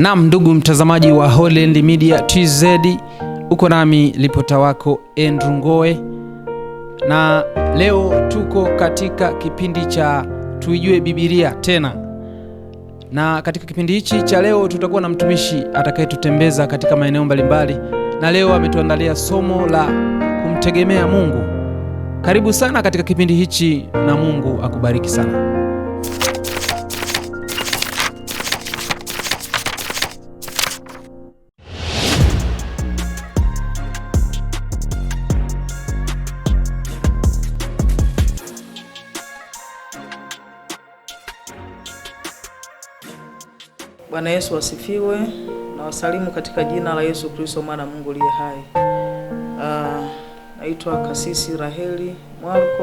Naam, ndugu mtazamaji wa Holland Media TZ, uko nami lipota wako Andrew Ngoe, na leo tuko katika kipindi cha tuijue Biblia tena, na katika kipindi hichi cha leo tutakuwa na mtumishi atakayetutembeza katika maeneo mbalimbali, na leo ametuandalia somo la kumtegemea Mungu. Karibu sana katika kipindi hichi na Mungu akubariki sana. Bwana Yesu asifiwe na wasalimu katika jina la Yesu Kristo mwana Mungu aliye hai. Uh, naitwa Kasisi Raheli Mwalko.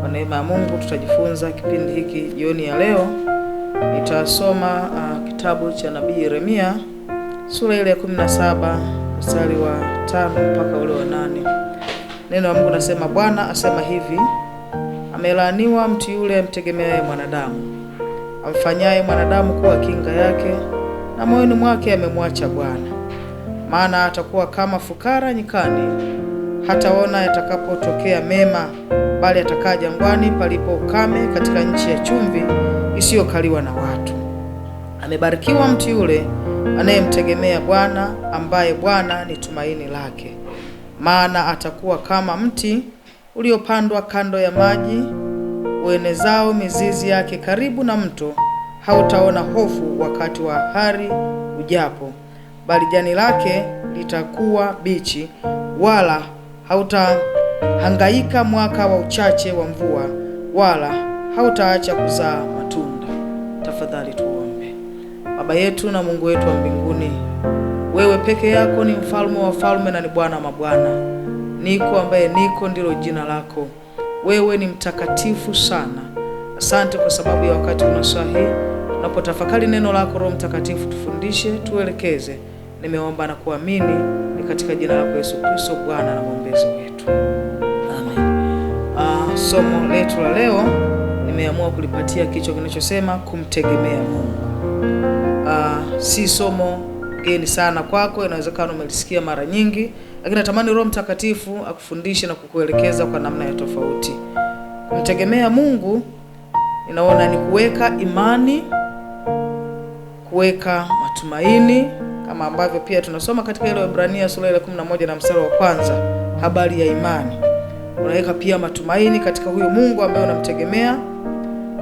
Kwa neema ya Mungu tutajifunza kipindi hiki jioni ya leo. Nitasoma uh, kitabu cha nabii Yeremia sura ile ya 17 mstari wa 5 mpaka ule wa nane. Neno la Mungu nasema, Bwana asema hivi, amelaaniwa mtu yule amtegemeaye mwanadamu amfanyaye mwanadamu kuwa kinga yake, na moyoni mwake amemwacha Bwana. Maana atakuwa kama fukara nyikani, hataona yatakapotokea mema, bali atakaa jangwani palipo ukame, katika nchi ya chumvi isiyokaliwa na watu. Amebarikiwa mtu yule anayemtegemea Bwana, ambaye Bwana ni tumaini lake. Maana atakuwa kama mti uliopandwa kando ya maji uenezao mizizi yake karibu na mto, hautaona hofu wakati wa hari ujapo, bali jani lake litakuwa bichi, wala hautahangaika mwaka wa uchache wa mvua, wala hautaacha kuzaa matunda. Tafadhali tuombe. Baba yetu na Mungu wetu wa mbinguni, wewe peke yako ni mfalme wa falme na ni Bwana mabwana. Niko ambaye niko ndilo jina lako. Wewe ni mtakatifu sana. Asante kwa sababu ya wakati una tunapotafakari neno lako. Roho Mtakatifu, tufundishe, tuelekeze. Nimeomba na kuamini ni katika jina lako Yesu Kristo, Bwana na mwombezi wetu, amen. Ah, somo letu la leo nimeamua kulipatia kichwa kinachosema kumtegemea Mungu. Ah, si somo geni sana kwako, inawezekana umelisikia mara nyingi, lakini natamani Roho Mtakatifu akufundishe na kukuelekeza kwa namna ya tofauti. Kumtegemea Mungu inaona ni kuweka imani, kuweka matumaini, kama ambavyo pia tunasoma katika ile Waebrania sura ya 11 na mstari wa kwanza, habari ya imani. Unaweka pia matumaini katika huyo Mungu ambaye unamtegemea,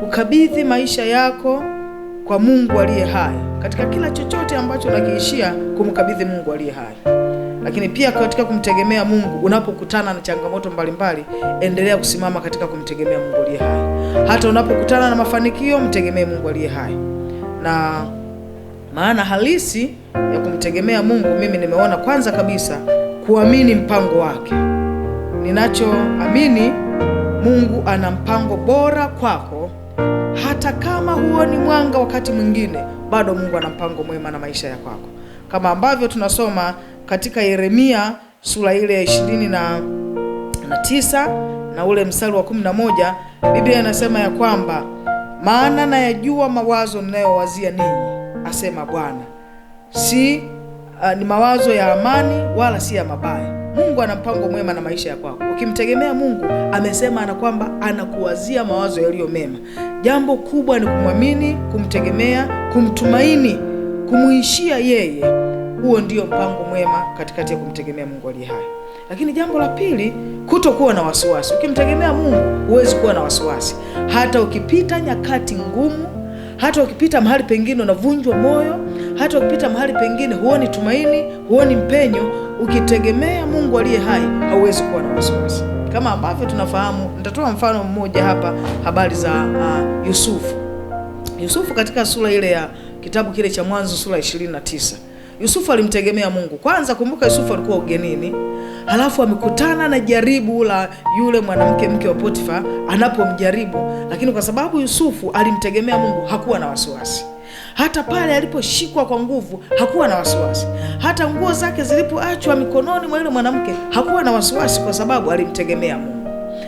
kukabidhi maisha yako kwa Mungu aliye hai, katika kila chochote ambacho unakiishia kumkabidhi Mungu aliye hai. Lakini pia katika kumtegemea Mungu, unapokutana na changamoto mbalimbali, endelea kusimama katika kumtegemea Mungu aliye hai. Hata unapokutana na mafanikio, mtegemee Mungu aliye hai. Na maana halisi ya kumtegemea Mungu, mimi nimeona kwanza kabisa kuamini mpango wake. Ninachoamini Mungu ana mpango bora kwako hata kama huo ni mwanga wakati mwingine, bado Mungu ana mpango mwema na maisha ya kwako, kama ambavyo tunasoma katika Yeremia sura ile ya ishirini na, na tisa na ule mstari wa kumi na moja Biblia inasema ya kwamba maana nayajua mawazo ninayowazia ninyi, asema Bwana, si uh, ni mawazo ya amani wala si ya mabaya Mungu ana mpango mwema na maisha ya kwako. Ukimtegemea Mungu, amesema ana kwamba anakuwazia mawazo yaliyo mema. Jambo kubwa ni kumwamini, kumtegemea, kumtumaini, kumuishia yeye. Huo ndio mpango mwema katikati ya kumtegemea Mungu aliye hai. Lakini jambo la pili, kutokuwa na wasiwasi. Ukimtegemea Mungu, huwezi kuwa na wasiwasi, hata ukipita nyakati ngumu hata ukipita mahali pengine unavunjwa moyo, hata ukipita mahali pengine huoni tumaini, huoni mpenyo. Ukitegemea Mungu aliye hai, hauwezi kuwa na wasiwasi, kama ambavyo tunafahamu. Nitatoa mfano mmoja hapa, habari za uh, Yusufu. Yusufu katika sura ile ya kitabu kile cha Mwanzo sura 29 Yusufu alimtegemea Mungu. Kwanza kumbuka, Yusufu alikuwa ugenini, halafu amekutana na jaribu la yule mwanamke mke wa Potifa anapomjaribu, lakini kwa sababu Yusufu alimtegemea Mungu hakuwa na wasiwasi. Hata pale aliposhikwa kwa nguvu hakuwa na wasiwasi. Hata nguo zake zilipoachwa mikononi mwa yule mwanamke hakuwa na wasiwasi, kwa sababu alimtegemea Mungu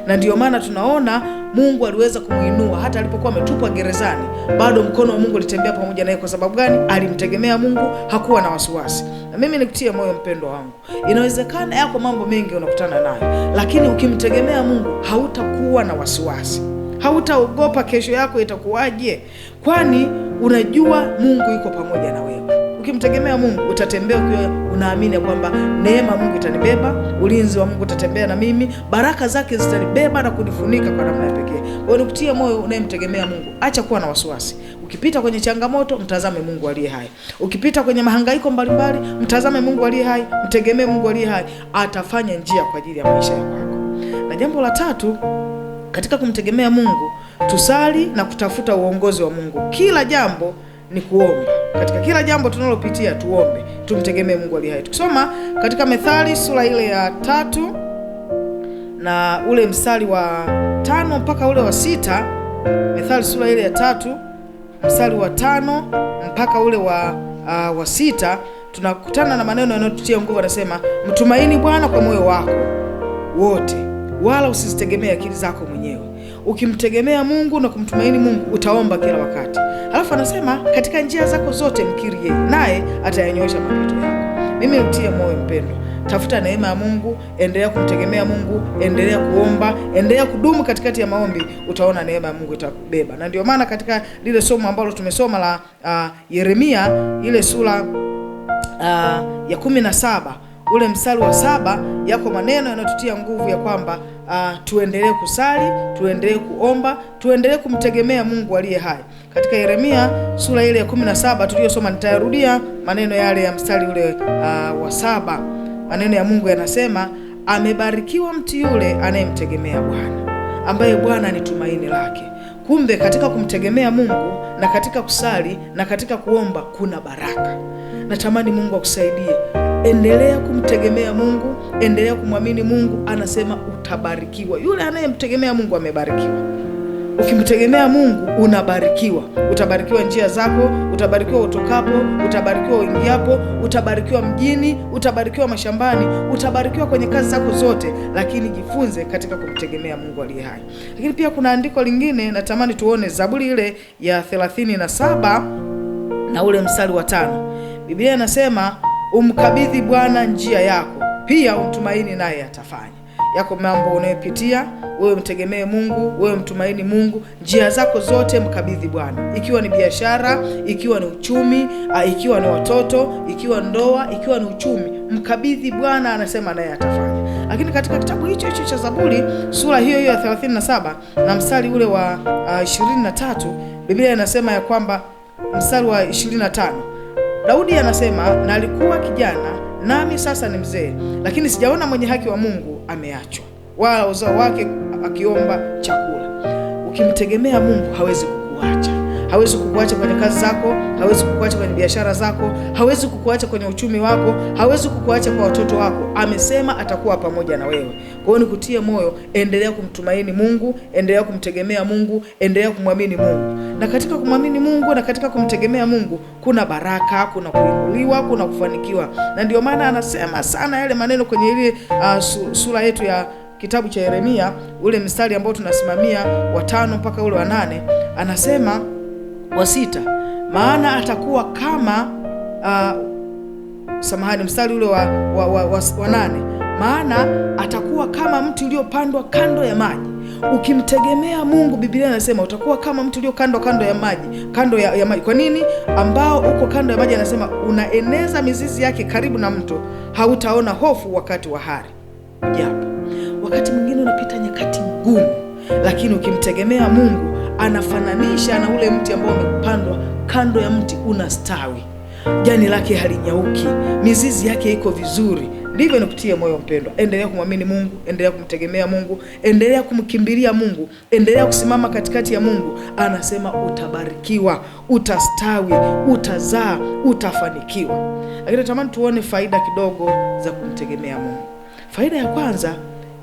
na ndio maana tunaona Mungu aliweza kumuinua hata alipokuwa ametupwa gerezani, bado mkono wa Mungu ulitembea pamoja naye. Kwa sababu gani? Alimtegemea Mungu, hakuwa na wasiwasi. Na mimi nikutie moyo mpendo wangu, inawezekana yako mambo mengi unakutana nayo, lakini ukimtegemea Mungu hautakuwa na wasiwasi, hautaogopa kesho yako itakuwaje, kwani unajua Mungu yuko pamoja na wewe ukimtegemea Mungu utatembea ukiwa unaamini kwamba neema Mungu itanibeba, ulinzi wa Mungu utatembea na mimi, baraka zake zitanibeba na kunifunika kwa namna ya pekee. Kwa hiyo nikutie moyo unayemtegemea Mungu, acha kuwa na wasiwasi. Ukipita kwenye changamoto, mtazame Mungu aliye hai. Ukipita kwenye mahangaiko mbalimbali, mtazame Mungu aliye hai, mtegemee Mungu aliye hai, atafanya njia kwa ajili ya maisha yako. Na jambo la tatu katika kumtegemea Mungu, tusali na kutafuta uongozi wa Mungu. Kila jambo ni kuomba. Katika kila jambo tunalopitia tuombe, tumtegemee Mungu aliye hai. Tukisoma katika Methali sura ile ya tatu na ule mstari wa tano mpaka ule wa sita Methali sura ile ya tatu mstari wa tano mpaka ule wa, uh, wa sita tunakutana na maneno yanayotutia nguvu. Anasema, mtumaini Bwana kwa moyo wako wote, wala usizitegemee akili zako mwenyewe Ukimtegemea Mungu na kumtumaini Mungu utaomba kila wakati. Alafu anasema katika njia zako zote mkiri yeye, naye atayanyoosha mapito yako. Mimi utie moyo mpendwa, tafuta neema ya Mungu, endelea kumtegemea Mungu, endelea kuomba, endelea kudumu katikati ya maombi, utaona neema ya Mungu itakubeba. Na ndio maana katika lile somo ambalo tumesoma la uh, Yeremia ile sura uh, ya kumi na saba ule mstari wa saba yako maneno yanayotutia nguvu ya kwamba uh, tuendelee kusali, tuendelee kuomba, tuendelee kumtegemea Mungu aliye hai. Katika Yeremia sura ile ya 17 tuliyosoma, nitayarudia maneno yale ya mstari ule uh, wa saba. Maneno ya Mungu yanasema, amebarikiwa mtu yule anayemtegemea Bwana, ambaye Bwana ni tumaini lake. Kumbe katika kumtegemea Mungu na katika kusali na katika kuomba kuna baraka. Natamani Mungu akusaidie endelea kumtegemea Mungu, endelea kumwamini Mungu, anasema utabarikiwa. Yule anayemtegemea Mungu amebarikiwa. Ukimtegemea Mungu unabarikiwa. Utabarikiwa njia zako, utabarikiwa utokapo, utabarikiwa uingiapo, utabarikiwa mjini, utabarikiwa mashambani, utabarikiwa kwenye kazi zako zote, lakini jifunze katika kumtegemea Mungu aliye hai. Lakini pia kuna andiko lingine natamani tuone, Zaburi ile ya thelathini na saba na ule mstari wa tano Biblia inasema umkabidhi Bwana njia yako, pia umtumaini naye atafanya. Yako mambo unayopitia wewe, mtegemee Mungu, wewe mtumaini Mungu, njia zako zote mkabidhi Bwana, ikiwa ni biashara, ikiwa ni uchumi, ah, ikiwa ni watoto, ikiwa ndoa, ikiwa ni uchumi, mkabidhi Bwana, anasema naye atafanya. Lakini katika kitabu hicho hicho cha Zaburi sura hiyo hiyo ya 37 na mstari ule wa uh, ah, 23 Biblia inasema ya kwamba mstari wa 25 Daudi anasema, na alikuwa kijana nami sasa ni mzee, lakini sijaona mwenye haki wa Mungu ameachwa, wala uzao wake akiomba chakula. Ukimtegemea Mungu hawezi kukuacha hawezi kukuacha kwenye kazi zako, hawezi kukuacha kwenye biashara zako, hawezi kukuacha kwenye uchumi wako, hawezi kukuacha kwa watoto wako. Amesema atakuwa pamoja na wewe. Kwa hiyo nikutie moyo, endelea kumtumaini Mungu, endelea kumtegemea Mungu, endelea kumwamini Mungu. Na katika kumwamini Mungu na katika kumtegemea Mungu kuna baraka, kuna kuinuliwa, kuna kufanikiwa, na ndio maana anasema sana yale maneno kwenye ile uh, sura yetu ya kitabu cha Yeremia ule mstari ambao tunasimamia watano mpaka ule wa nane anasema wa sita, maana atakuwa kama uh, samahani, mstari ule wa, wa, wa, wa, wa nane, maana atakuwa kama mti uliopandwa kando ya maji ukimtegemea Mungu. Biblia anasema utakuwa kama mtu ulio kando kando ya maji, kando ya, ya maji. Kwa nini? Ambao uko kando ya maji, anasema unaeneza mizizi yake karibu na mto, hautaona hofu wakati wa hari. Japo wakati mwingine unapita nyakati ngumu, lakini ukimtegemea Mungu anafananisha na ule mti ambao umepandwa kando ya mti, unastawi, jani lake halinyauki, mizizi yake iko vizuri. Ndivyo nikutie moyo mpendwa, endelea kumwamini Mungu, endelea kumtegemea Mungu, endelea kumkimbilia Mungu, endelea kusimama katikati ya Mungu. Anasema utabarikiwa, utastawi, utazaa, utafanikiwa. Lakini natamani tuone faida kidogo za kumtegemea Mungu. Faida ya kwanza,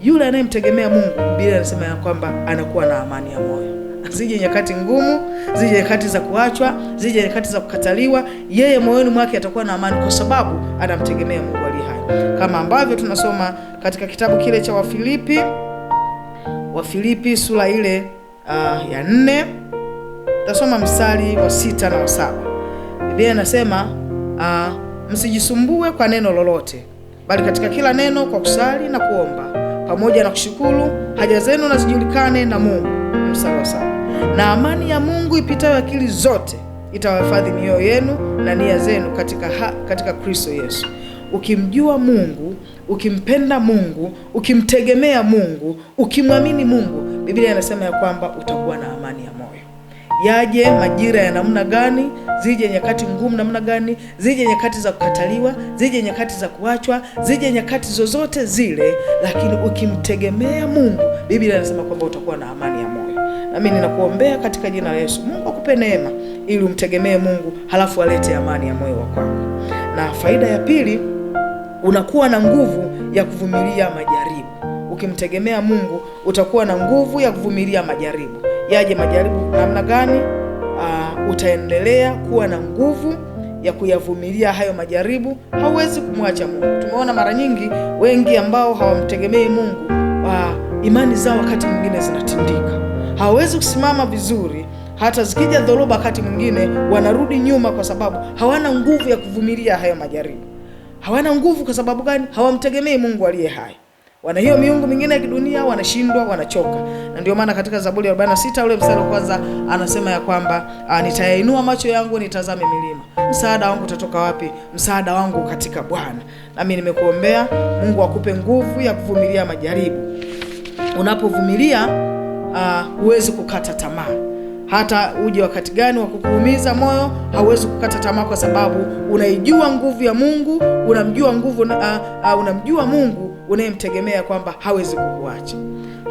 yule anayemtegemea Mungu, Biblia anasema ya kwamba anakuwa na amani ya moyo zije nyakati ngumu, zije nyakati za kuachwa, zije nyakati za kukataliwa, yeye moyoni mwake atakuwa na amani, kwa sababu anamtegemea Mungu aliye hai, kama ambavyo tunasoma katika kitabu kile cha Wafilipi, Wafilipi sura ile uh, ya nne, tasoma mstari wa sita na wa saba. Biblia inasema uh, msijisumbue kwa neno lolote, bali katika kila neno kwa kusali na kuomba pamoja na kushukuru haja zenu na zijulikane na Mungu. Mstari wa saba na amani ya Mungu ipitayo akili zote itawahifadhi mioyo yenu na nia zenu katika ha, katika Kristo Yesu. Ukimjua Mungu, ukimpenda Mungu, ukimtegemea Mungu, ukimwamini Mungu, Biblia inasema ya kwamba utakuwa na amani ya Mungu yaje majira ya namna gani, zije nyakati ngumu namna gani, zije nyakati za kukataliwa, zije nyakati za kuachwa, zije nyakati zozote zile, lakini ukimtegemea Mungu, Biblia inasema kwamba utakuwa na amani ya moyo. Nami ninakuombea katika jina la Yesu, Mungu akupe neema ili umtegemee Mungu, halafu alete amani ya moyo wako. Na faida ya pili, unakuwa na nguvu ya kuvumilia majaribu. Ukimtegemea Mungu utakuwa na nguvu ya kuvumilia majaribu yaje majaribu namna gani, uh, utaendelea kuwa na nguvu ya kuyavumilia hayo majaribu. Hauwezi kumwacha Mungu. Tumeona mara nyingi wengi ambao hawamtegemei Mungu, uh, imani zao wakati mwingine zinatindika, hawawezi kusimama vizuri hata zikija dhoruba, wakati mwingine wanarudi nyuma, kwa sababu hawana nguvu ya kuvumilia hayo majaribu. Hawana nguvu. Kwa sababu gani? Hawamtegemei Mungu aliye hai wana hiyo miungu mingine ya kidunia, wanashindwa, wanachoka. Na ndio maana katika Zaburi ya 46 ule mstari wa kwanza anasema ya kwamba ah, nitayainua macho yangu nitazame milima, msaada wangu utatoka wapi? Msaada wangu katika Bwana. Nami nimekuombea Mungu akupe nguvu ya kuvumilia majaribu. Unapovumilia ah, huwezi kukata tamaa hata uje wakati gani wa kukuumiza moyo, hauwezi kukata tamaa, kwa sababu unaijua nguvu ya Mungu, unamjua nguvu uh, uh, unamjua Mungu unayemtegemea kwamba hawezi kukuacha.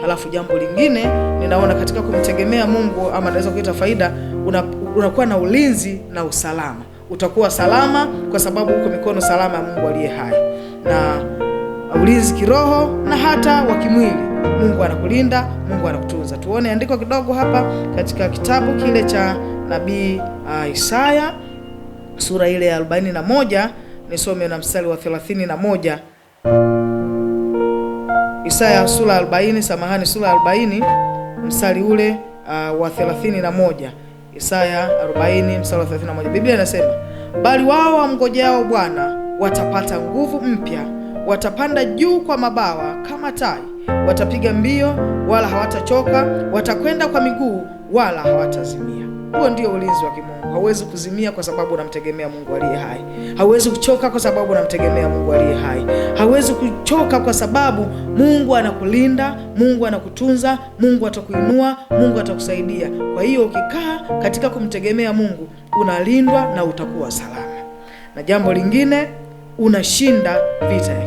Halafu jambo lingine ninaona katika kumtegemea Mungu ama naweza kuita faida, unakuwa na ulinzi na usalama. Utakuwa salama kwa sababu uko mikono salama ya Mungu aliye hai, na ulinzi kiroho na hata wa kimwili. Mungu anakulinda, Mungu anakutunza. Tuone andiko kidogo hapa katika kitabu kile cha nabii uh, Isaya sura ile ya 41 nisome na mstari wa 31. Isaya sura 40, samahani, sura 40 mstari ule uh, wa 31. Isaya 40 mstari wa 31. Biblia inasema, bali wao wamngojeao Bwana watapata nguvu mpya, watapanda juu kwa mabawa kama tai watapiga mbio wala hawatachoka, watakwenda kwa miguu wala hawatazimia. Huo ndio ulinzi wa kimungu. Hauwezi kuzimia kwa sababu unamtegemea Mungu aliye hai. Hauwezi kuchoka kwa sababu unamtegemea Mungu aliye hai. Hauwezi kuchoka kwa sababu Mungu anakulinda, Mungu anakutunza, Mungu atakuinua, Mungu atakusaidia. Kwa hiyo ukikaa katika kumtegemea Mungu unalindwa na utakuwa salama, na jambo lingine unashinda vita ya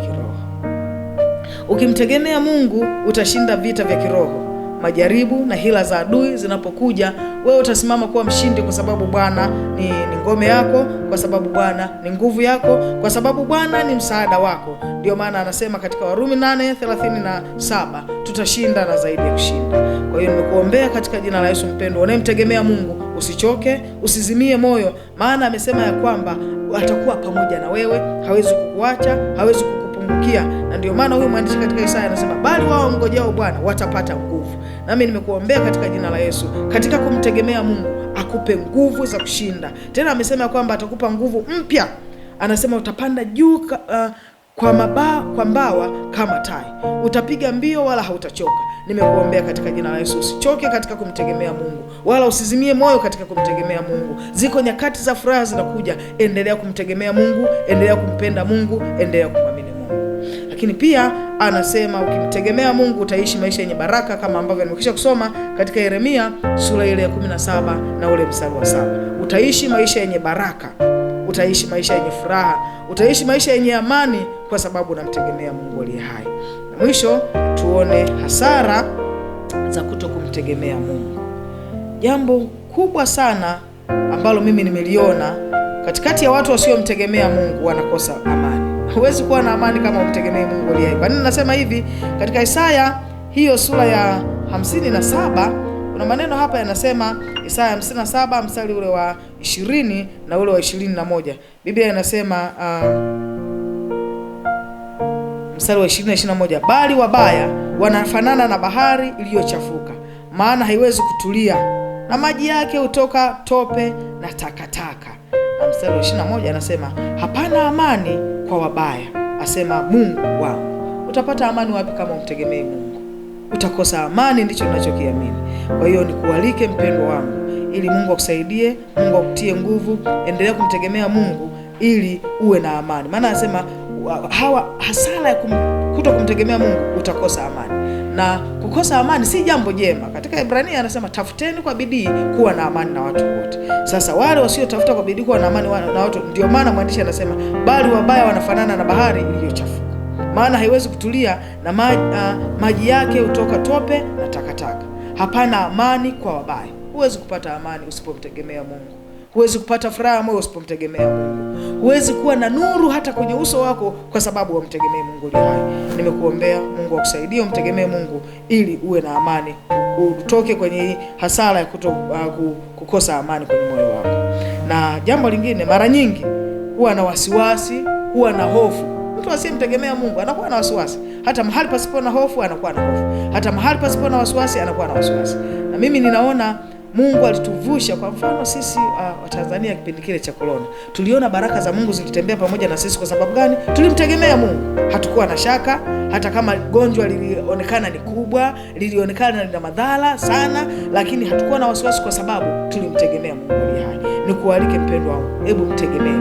Ukimtegemea Mungu utashinda vita vya kiroho. Majaribu na hila za adui zinapokuja, wewe utasimama kuwa mshindi, kwa sababu Bwana ni, ni ngome yako, kwa sababu Bwana ni nguvu yako, kwa sababu Bwana ni msaada wako. Ndio maana anasema katika Warumi 8:37 tutashinda na zaidi ya kushinda. Kwa hiyo nimekuombea katika jina la Yesu. Mpendwa unayemtegemea Mungu, usichoke, usizimie moyo, maana amesema ya kwamba atakuwa pamoja na wewe, hawezi kukuacha, hawezi kuku kumgeukia, na ndio maana huyu mwandishi katika Isaya anasema, bali wao mngojao Bwana watapata nguvu. Nami nimekuombea katika jina la Yesu, katika kumtegemea Mungu akupe nguvu za kushinda. Tena amesema kwamba atakupa nguvu mpya, anasema utapanda juu uh, kwa mabaa kwa mbawa kama tai, utapiga mbio wala hautachoka. Nimekuombea katika jina la Yesu, usichoke katika kumtegemea Mungu wala usizimie moyo katika kumtegemea Mungu. Ziko nyakati za furaha zinakuja, endelea kumtegemea Mungu, endelea kumpenda Mungu, endelea lakini pia anasema ukimtegemea Mungu utaishi maisha yenye baraka kama ambavyo nimekwisha kusoma katika Yeremia sura ile ya 17 na ule mstari wa saba. Utaishi maisha yenye baraka, utaishi maisha yenye furaha, utaishi maisha yenye amani kwa sababu unamtegemea Mungu aliye hai. Na mwisho tuone hasara za kuto kumtegemea Mungu. Jambo kubwa sana ambalo mimi nimeliona katikati ya watu wasiomtegemea Mungu wanakosa amani. Huwezi kuwa na amani kama umtegemee Mungu aliye hai. Kwa nini nasema hivi? Katika Isaya hiyo sura ya 57 kuna maneno hapa yanasema, Isaya 57 mstari ule wa 20 na ule wa 21. Biblia inasema uh, mstari wa 20 na 21, bali wabaya wanafanana na bahari iliyochafuka, maana haiwezi kutulia na maji yake hutoka tope na takataka na mstari wa moja anasema hapana amani kwa wabaya, asema Mungu wangu. Utapata amani wapi kama umtegemee Mungu? Utakosa amani, ndicho ninachokiamini. Kwa hiyo nikualike mpendwa wangu, ili Mungu akusaidie, Mungu akutie nguvu, endelea kumtegemea Mungu ili uwe na amani, maana anasema hawa hasara ya kum, kuto kumtegemea Mungu utakosa amani na kukosa amani si jambo jema. Katika Ibrania anasema tafuteni kwa bidii kuwa na amani na watu wote. Sasa wale wasiotafuta kwa bidii kuwa na amani na watu, ndio maana mwandishi anasema bali wabaya wanafanana na bahari iliyochafuka, maana haiwezi kutulia na maji, uh, maji yake hutoka tope na takataka. Hapana amani kwa wabaya. Huwezi kupata amani usipomtegemea Mungu. Huwezi kupata furaha moyo usipomtegemea Mungu. Huwezi kuwa na nuru hata kwenye uso wako kwa sababu wamtegemee Mungu aliye hai. Nimekuombea Mungu akusaidie, umtegemee Mungu ili uwe na amani, utoke kwenye hasara ya kuto, uh, kukosa amani kwenye moyo wako. Na jambo lingine, mara nyingi huwa na wasiwasi, huwa na hofu. Mtu asiyemtegemea Mungu anakuwa na wasiwasi, hata mahali pasipo na hofu anakuwa na hofu, hata mahali pasipo na wasiwasi anakuwa na wasiwasi. Na mimi ninaona Mungu alituvusha. Kwa mfano sisi ah, Watanzania uh, kipindi kile cha korona tuliona baraka za Mungu zikitembea pamoja na sisi. Kwa sababu gani? Tulimtegemea Mungu, hatukuwa na shaka. Hata kama gonjwa lilionekana ni kubwa, lilionekana lina madhara sana, lakini hatukuwa na wasiwasi, kwa sababu tulimtegemea Mungu hai. Nikualike mpendwa wangu, hebu mtegemee.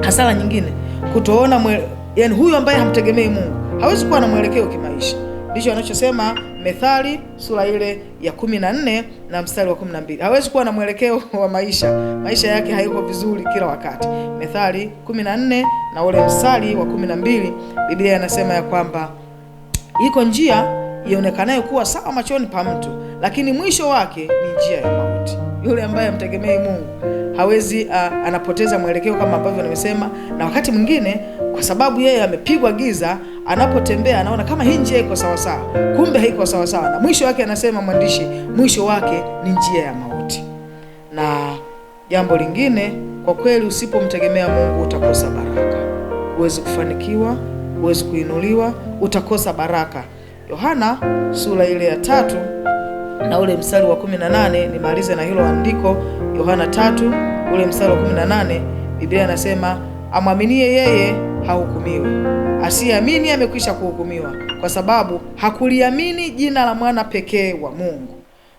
Hasara nyingine kutoona mwe, yani huyu ambaye hamtegemei Mungu hawezi kuwa na mwelekeo kimaisha, ndicho anachosema Methali sura ile ya kumi na nne na mstari wa kumi na mbili. Hawezi kuwa na mwelekeo wa maisha, maisha yake hayuko vizuri kila wakati. Methali kumi na nne na ule mstari wa kumi na mbili Biblia inasema ya kwamba iko njia ionekanayo kuwa sawa machoni pa mtu, lakini mwisho wake ni njia ya mauti. Yule ambaye amtegemei Mungu hawezi uh, anapoteza mwelekeo kama ambavyo nimesema, na wakati mwingine kwa sababu yeye amepigwa giza, anapotembea anaona kama hii njia iko sawasawa, kumbe haiko sawasawa, na mwisho wake anasema mwandishi, mwisho wake ni njia ya mauti. Na jambo lingine, kwa kweli, usipomtegemea Mungu utakosa baraka, huwezi kufanikiwa, huwezi kuinuliwa, utakosa baraka. Yohana sura ile ya tatu na ule mstari wa 18 nimalize na hilo andiko Yohana tatu ule mstari wa 18 Biblia inasema amwaminie yeye hahukumiwi, asiyeamini amekwisha kuhukumiwa kwa sababu hakuliamini jina la mwana pekee wa Mungu.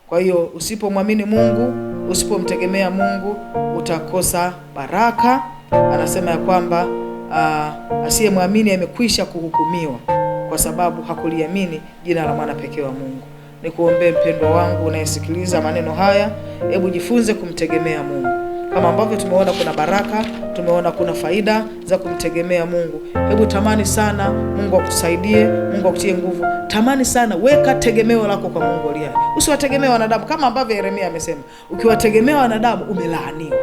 Kwa hiyo usipomwamini Mungu, usipomtegemea Mungu utakosa baraka. Anasema ya kwamba uh, asiyemwamini amekwisha kuhukumiwa kwa sababu hakuliamini jina la mwana pekee wa Mungu ni kuombee mpendwa wangu unayesikiliza maneno haya, hebu jifunze kumtegemea Mungu kama ambavyo tumeona kuna baraka, tumeona kuna faida za kumtegemea Mungu. Hebu tamani sana Mungu akusaidie, Mungu akutie nguvu. Tamani sana, weka tegemeo lako kwa Mungu aliye hai, usiwategemea wanadamu, kama ambavyo Yeremia amesema, ukiwategemea wanadamu umelaaniwa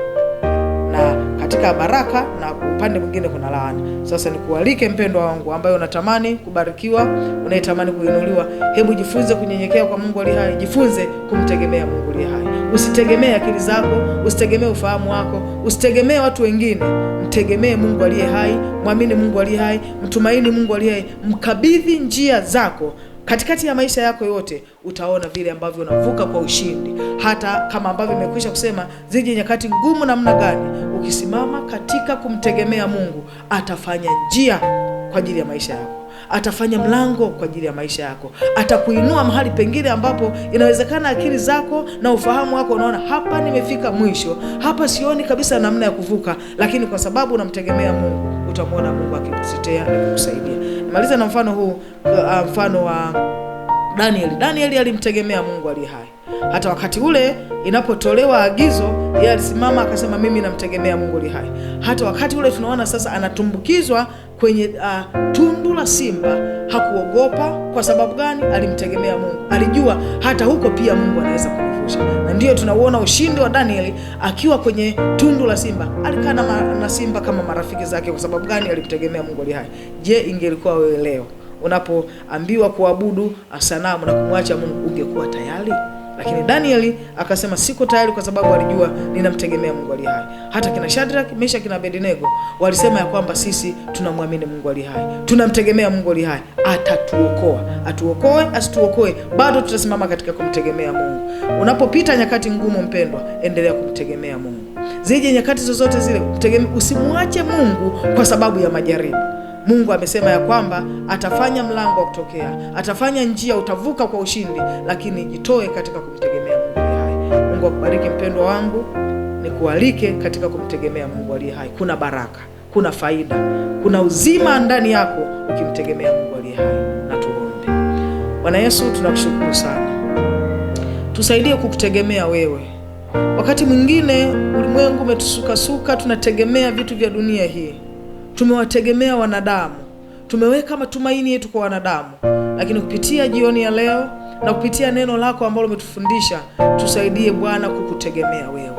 katika baraka na upande mwingine kuna laana. Sasa nikualike mpendwa wangu ambaye unatamani kubarikiwa, unayetamani kuinuliwa, hebu jifunze kunyenyekea kwa Mungu aliye hai, jifunze kumtegemea Mungu aliye hai. Usitegemee akili zako, usitegemee ufahamu wako, usitegemee watu wengine, mtegemee Mungu aliye hai, mwamini Mungu aliye hai, mtumaini Mungu aliye hai, mkabidhi njia zako. Katikati ya maisha yako yote utaona vile ambavyo unavuka kwa ushindi, hata kama ambavyo imekwisha kusema ziji nyakati ngumu namna gani, ukisimama katika kumtegemea Mungu atafanya njia kwa ajili ya maisha yako atafanya mlango kwa ajili ya maisha yako, atakuinua mahali pengine ambapo inawezekana akili zako na ufahamu wako unaona hapa nimefika mwisho, hapa sioni kabisa namna ya kuvuka, lakini kwa sababu unamtegemea Mungu utamwona Mungu akikutetea na kukusaidia. Nimaliza na mfano huu, uh, mfano wa uh, Danieli. Danieli alimtegemea Mungu aliye hai hata wakati ule inapotolewa agizo, yeye alisimama akasema, mimi namtegemea Mungu aliye hai. Hata wakati ule tunaona sasa anatumbukizwa kwenye uh, tundu la simba, hakuogopa. Kwa sababu gani? Alimtegemea Mungu, alijua hata huko pia Mungu anaweza kutosha, na ndiyo tunauona ushindi wa Danieli akiwa kwenye tundu la simba. Alikaa na simba kama marafiki zake. Kwa sababu gani? Alimtegemea Mungu ali hai. Je, ingelikuwa wewe leo unapoambiwa kuabudu sanamu na kumwacha Mungu, ungekuwa tayari? Lakini Danieli akasema siko tayari, kwa sababu alijua ninamtegemea Mungu aliye hai. Hata kina Shadrach, Meshach na Abednego walisema ya kwamba sisi tunamwamini Mungu aliye hai, tunamtegemea Mungu aliye hai, atatuokoa, atuokoe asituokoe, bado tutasimama katika kumtegemea Mungu. Unapopita nyakati ngumu, mpendwa, endelea kumtegemea Mungu. Zije nyakati zozote zile, mtegemee, usimwache Mungu kwa sababu ya majaribu. Mungu amesema ya kwamba atafanya mlango wa kutokea, atafanya njia, utavuka kwa ushindi, lakini jitoe katika kumtegemea Mungu hai. Mungu akubariki mpendwa wangu, nikualike katika kumtegemea Mungu aliye hai. Kuna baraka, kuna faida, kuna uzima ndani yako ukimtegemea Mungu aliye hai. Na tuombe. Bwana Yesu, tunakushukuru sana, tusaidie kukutegemea wewe. Wakati mwingine ulimwengu umetusukasuka, tunategemea vitu vya dunia hii tumewategemea wanadamu, tumeweka matumaini yetu kwa wanadamu, lakini kupitia jioni ya leo na kupitia neno lako ambalo umetufundisha, tusaidie Bwana kukutegemea wewe,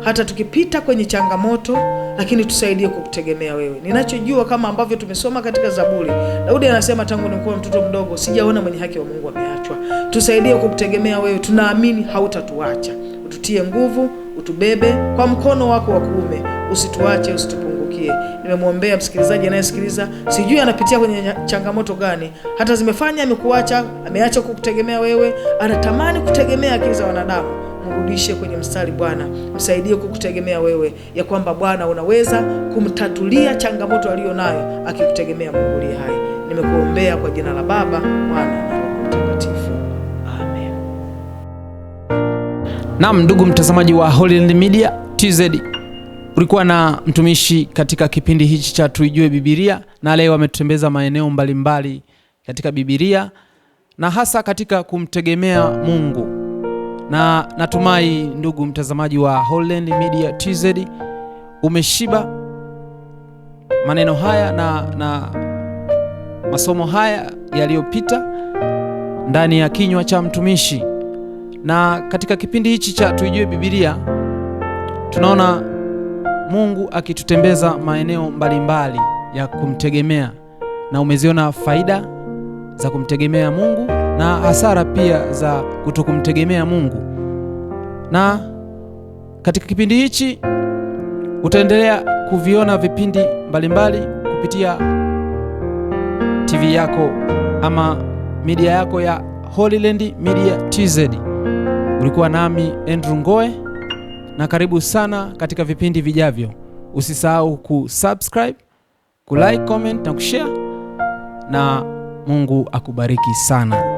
hata tukipita kwenye changamoto, lakini tusaidie kukutegemea wewe. Ninachojua kama ambavyo tumesoma katika Zaburi, Daudi anasema tangu nikuwa mtoto mdogo sijaona mwenye haki wa Mungu ameachwa. Tusaidie kukutegemea wewe, tunaamini hautatuacha. Ututie nguvu, utubebe kwa mkono wako wa kuume, usituache, usitupungue nigeukie. Nimemwombea msikilizaji anayesikiliza, sijui anapitia kwenye changamoto gani, hata zimefanya amekuacha, ameacha kukutegemea wewe, anatamani kutegemea akili za wanadamu. Mrudishe kwenye mstari Bwana, msaidie kukutegemea wewe, ya kwamba Bwana unaweza kumtatulia changamoto aliyo nayo akikutegemea. Mungu aliye hai, nimekuombea kwa jina la Baba, Mwana na Roho Mtakatifu. Amen. Naam, ndugu mtazamaji wa Holyland Media TZ Kulikuwa na mtumishi katika kipindi hichi cha tuijue bibilia na leo ametutembeza maeneo mbalimbali mbali katika bibilia na hasa katika kumtegemea Mungu, na natumai ndugu mtazamaji wa holland Media TZ umeshiba maneno haya na, na masomo haya yaliyopita ndani ya kinywa cha mtumishi, na katika kipindi hichi cha tuijue bibilia tunaona Mungu akitutembeza maeneo mbalimbali mbali ya kumtegemea, na umeziona faida za kumtegemea Mungu na hasara pia za kutokumtegemea Mungu. Na katika kipindi hichi utaendelea kuviona vipindi mbalimbali mbali kupitia TV yako ama media yako ya Holyland Media TZ. Ulikuwa nami Andrew Ngoe na karibu sana katika vipindi vijavyo. Usisahau kusubscribe, kulike, comment na kushare na Mungu akubariki sana.